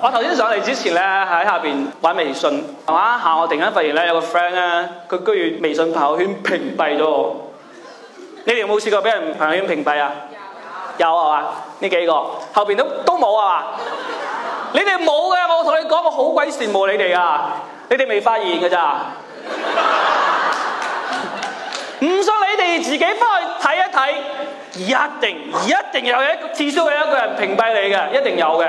我頭先上嚟之前咧喺下邊玩微信，係嘛？下我突然間發現咧有個 friend 咧，佢居然微信朋友圈屏蔽咗我。你哋有冇試過俾人朋友圈屏蔽啊？有，有係嘛？呢幾個後邊都都冇係 你哋冇嘅，我同你講，我好鬼羨慕你哋啊！你哋未發現嘅咋？唔 信你哋自己翻去睇一睇，一定一定有一個至少有一個人屏蔽你嘅，一定有嘅。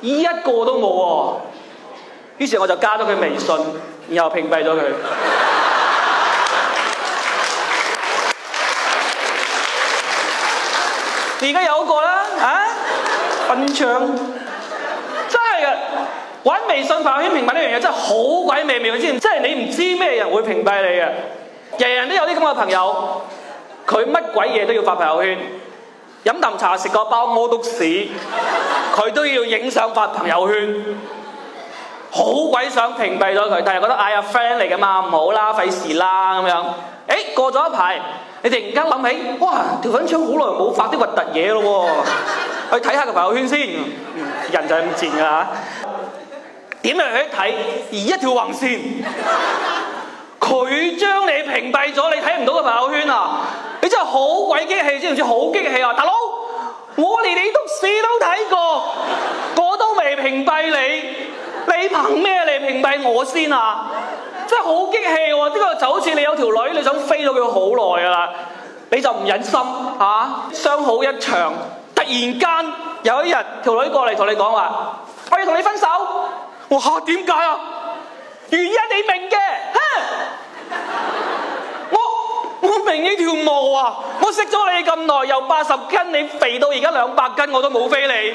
依一個都冇喎，於是我就加咗佢微信，然後屏蔽咗佢。而 家有一個啦，啊， 笨昌，真係嘅，玩微信朋友圈屏蔽呢樣嘢真係好鬼微妙，知唔知？即係你唔知咩人會屏蔽你嘅，人人都有啲咁嘅朋友，佢乜鬼嘢都要發朋友圈。飲啖茶食個包屙篤屎，佢都要影相發朋友圈，好鬼想屏蔽咗佢，但係覺得哎呀，friend 嚟噶嘛，唔好啦，費事啦咁樣。誒，過咗一排，你突然間諗起，哇，條粉腸好耐冇發啲核突嘢咯喎，去睇下個朋友圈先，人就係咁賤噶喇。點樣去睇？而一條橫線，佢將你屏蔽咗，你睇唔到個朋友圈啊！真係好鬼激氣，真係好似好激氣啊！大佬，我連你讀書都睇過，我都未屏蔽你，你憑咩嚟屏蔽我先啊？真係好激氣喎！呢個就好似你有條女，你想飛到佢好耐噶啦，你就唔忍心啊？相好一場，突然間有一日條女過嚟同你講話，我要同你分手。我吓點解啊？原因你明嘅，哼、啊！唔明呢條毛啊！我識咗你咁耐，由八十斤你肥到而家兩百斤，我都冇飛你。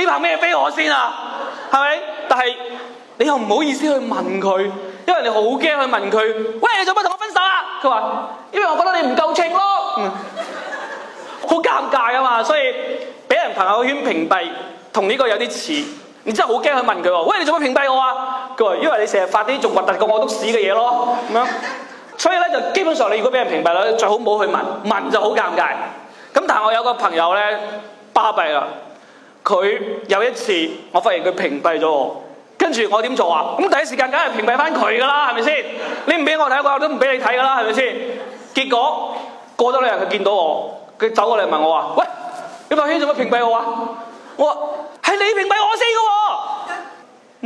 你憑咩飛我先啊？係咪？但係你又唔好意思去問佢，因為你好驚去問佢。喂，你做乜同我分手啊？佢話因為我覺得你唔夠秤咯。好尷尬啊嘛，所以俾人朋友圈屏蔽，同呢個有啲似。你真係好驚去問佢喎。喂，你做乜屏蔽我啊？佢話因為你成日發啲仲核突過我篤屎嘅嘢咯，咁所以咧就基本上，你如果俾人屏蔽咧，最好唔好去問，問就好尷尬。咁但係我有個朋友咧，巴閉啦，佢有一次，我發現佢屏蔽咗我，跟住我點做啊？咁第一時間梗係屏蔽翻佢噶啦，係咪先？你唔俾我睇嘅話，我都唔俾你睇噶啦，係咪先？結果過咗兩日，佢見到我，佢走過嚟問我話：「喂，你朋友圈做乜屏蔽我啊？我係你屏蔽我先㗎喎。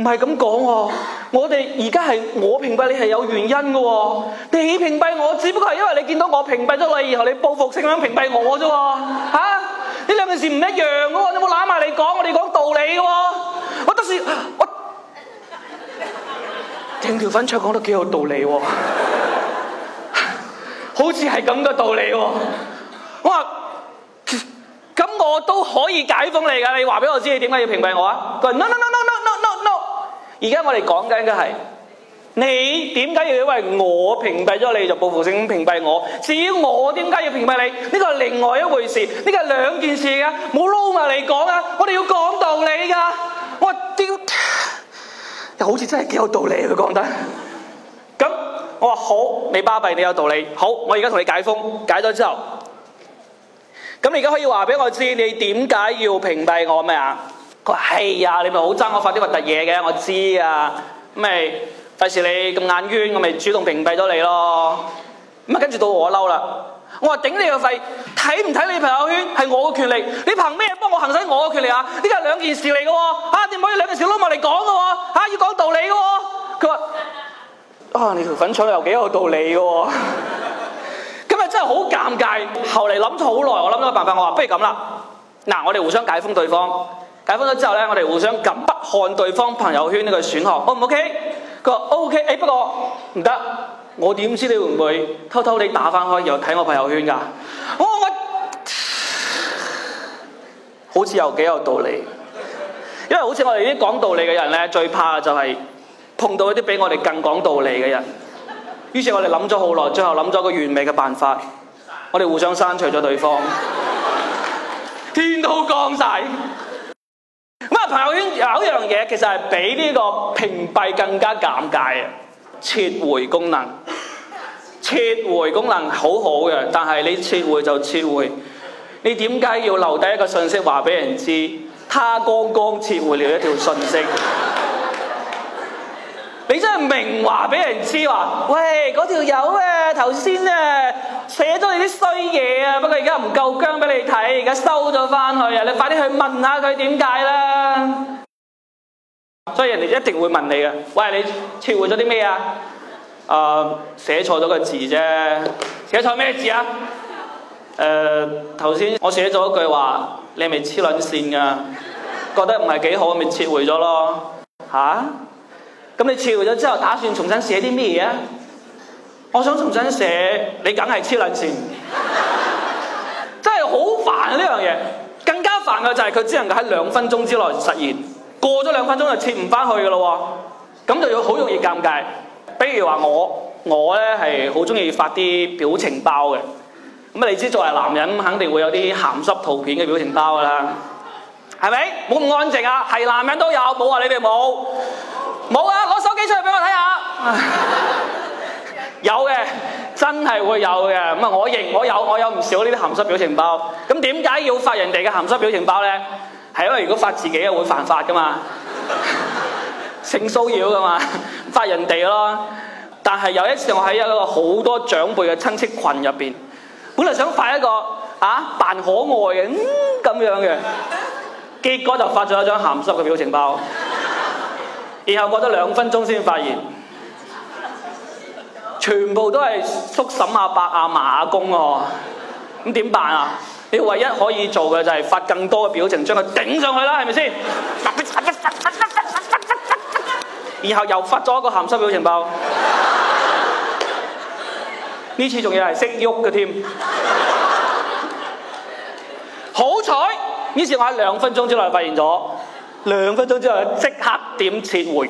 唔係咁講喎，我哋而家係我屏蔽你係有原因噶喎，你屏蔽我只不過係因為你見到我屏蔽咗你，然後你報復性咁樣屏蔽我啫喎，吓？呢兩件事唔一樣噶喎，你冇攬埋你講，我哋講道理噶喎，我當時我聽條粉腸講得幾有道理喎，好似係咁嘅道理喎，我話咁我都可以解封你噶，你話俾我知你點解要屏蔽我啊？佢話 no no no no。而家我哋講緊嘅係，你點解要因為我屏蔽咗你就報復性屏蔽我？至於我點解要屏蔽你，呢個係另外一回事，呢個係兩件事啊！唔好撈埋嚟講啊！我哋要講道理㗎。我話屌，又好似真係幾有道理佢講得。咁我話好，你巴閉，你有道理。好，我而家同你解封，解咗之後，咁你而家可以話俾我知，你點解要屏蔽我咩啊？我、哎、係呀，你咪好憎我發啲核突嘢嘅，我知啊，咁咪費事你咁眼冤，我咪主動屏蔽咗你咯。咁啊跟住到我嬲啦，我話頂你個肺，睇唔睇你朋友圈係我嘅權利，你憑咩幫我行使我嘅權利啊？呢個係兩件事嚟嘅，吓，你唔可以兩件事撈埋嚟講嘅，吓，要講道理嘅。佢話啊，你條、啊啊、粉腸又幾有道理嘅，咁 啊真係好尷尬。後嚟諗咗好耐，我諗到個辦法，我話不如咁啦，嗱、啊，我哋互相解封對方。解分咗之後咧，我哋互相咁不看對方朋友圈呢個選項，oh, okay? okay. hey, 我唔 o k 佢話 OK，哎不過唔得，我點知你會唔會偷偷地打翻開又睇我朋友圈噶？Oh, 我我好似又幾有道理，因為好似我哋呢啲講道理嘅人咧，最怕就係碰到一啲比我哋更講道理嘅人。於是，我哋諗咗好耐，最後諗咗個完美嘅辦法，我哋互相刪除咗對方。 天都光晒。朋友圈有一樣嘢，其實係比呢個屏蔽更加尷尬嘅，撤回功能。撤回功能好好嘅，但係你撤回就撤回，你點解要留低一個信息話俾人知？他剛剛撤回了一條信息， 你真係明話俾人知話，喂，嗰條友誒，頭先誒。寫咗你啲衰嘢啊！不過而家唔夠姜俾你睇，而家收咗翻去啊！你快啲去問下佢點解啦！所以人哋一定會問你嘅。喂，你撤回咗啲咩啊？誒、呃，寫錯咗個字啫。寫錯咩字啊？誒、呃，頭先我寫咗一句話，你咪黐卵線噶，覺得唔係幾好咪撤回咗咯。吓、啊？咁你撤回咗之後，打算重新寫啲咩嘢啊？我想重想寫，你梗係黐撚線， 真係好煩啊呢樣嘢。更加煩嘅就係佢只能夠喺兩分鐘之內實現，過咗兩分鐘就切唔翻去嘅咯喎。咁就要好容易尷尬。比如話我，我呢係好中意發啲表情包嘅。咁你知作為男人肯定會有啲鹹濕圖片嘅表情包啦，係咪？冇咁安靜啊，係男人都有，冇話你哋冇，冇啊！攞、啊、手機出嚟俾我睇下。 有嘅，真係會有嘅。我認我有，我有唔少呢啲鹹濕表情包。咁點解要發人哋嘅鹹濕表情包呢？係因為如果發自己會會犯法㗎嘛，性騷擾㗎嘛，發人哋咯。但係有一次我喺一個好多長輩嘅親戚群入面，本來想發一個啊扮可愛嘅、嗯、這樣嘅，結果就發咗一張鹹濕嘅表情包。然後過咗兩分鐘先發現。全部都係叔嬸阿伯阿嫲阿公喎，啊，咁點辦啊？你唯一可以做嘅就係發更多嘅表情，將佢頂上去啦，係咪先？ 然後又發咗一個鹹濕表情包，呢 次仲要係識喐嘅添。 好彩呢次我喺兩分鐘之內發現咗，兩分鐘之內即刻點撤回，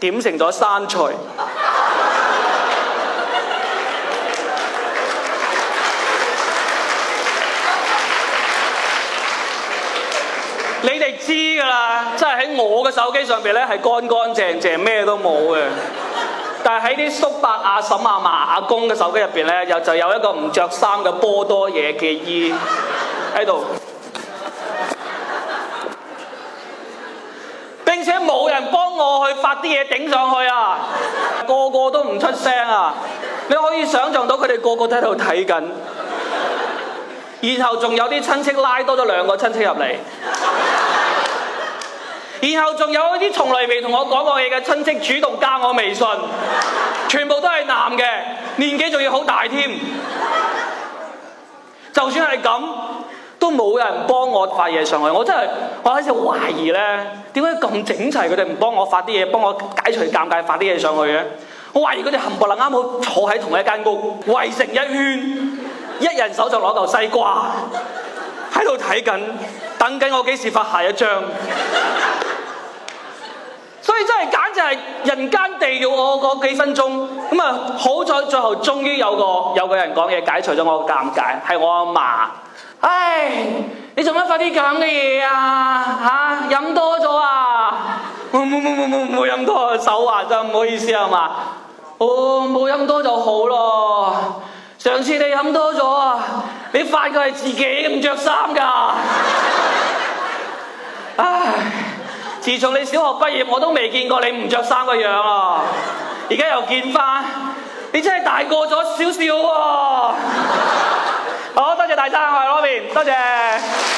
點成咗刪除。喺我嘅手機上邊咧係乾乾淨淨咩都冇嘅，但係喺啲叔伯阿嬸阿嫲阿公嘅手機入邊咧又就有一個唔着衫嘅波多野結衣喺度，並且冇人幫我去發啲嘢頂上去啊！個個都唔出聲啊！你可以想象到佢哋個個都喺度睇緊，然後仲有啲親戚拉多咗兩個親戚入嚟。然後仲有啲從來未同我講過嘢嘅親戚主動加我微信，全部都係男嘅，年紀仲要好大添。就算係咁，都冇人幫我發嘢上去。我真係我喺度懷疑咧，點解咁整齊佢哋唔幫我發啲嘢，幫我解除尷尬發啲嘢上去嘅？我懷疑佢哋冚唪唥啱好坐喺同一間屋，圍成一圈，一人手就攞嚿西瓜喺度睇緊，等緊我幾時發下一張。所以真係簡直係人間地獄，我嗰幾分鐘咁啊！好彩最後終於有個有個人講嘢，解除咗我嘅尷尬。係我阿嫲，唉，你做乜發啲咁嘅嘢啊？嚇，飲多咗啊！冇冇冇冇冇冇飲多，手啊，真唔好意思啊嘛！哦，冇飲多就好咯。上次你飲多咗啊，你發覺係自己唔着衫㗎。自從你小學畢業，我都未見過你唔着衫個樣啊。而家又見返，你真係大個咗少少喎。好多謝大生，我係洛賓，多謝。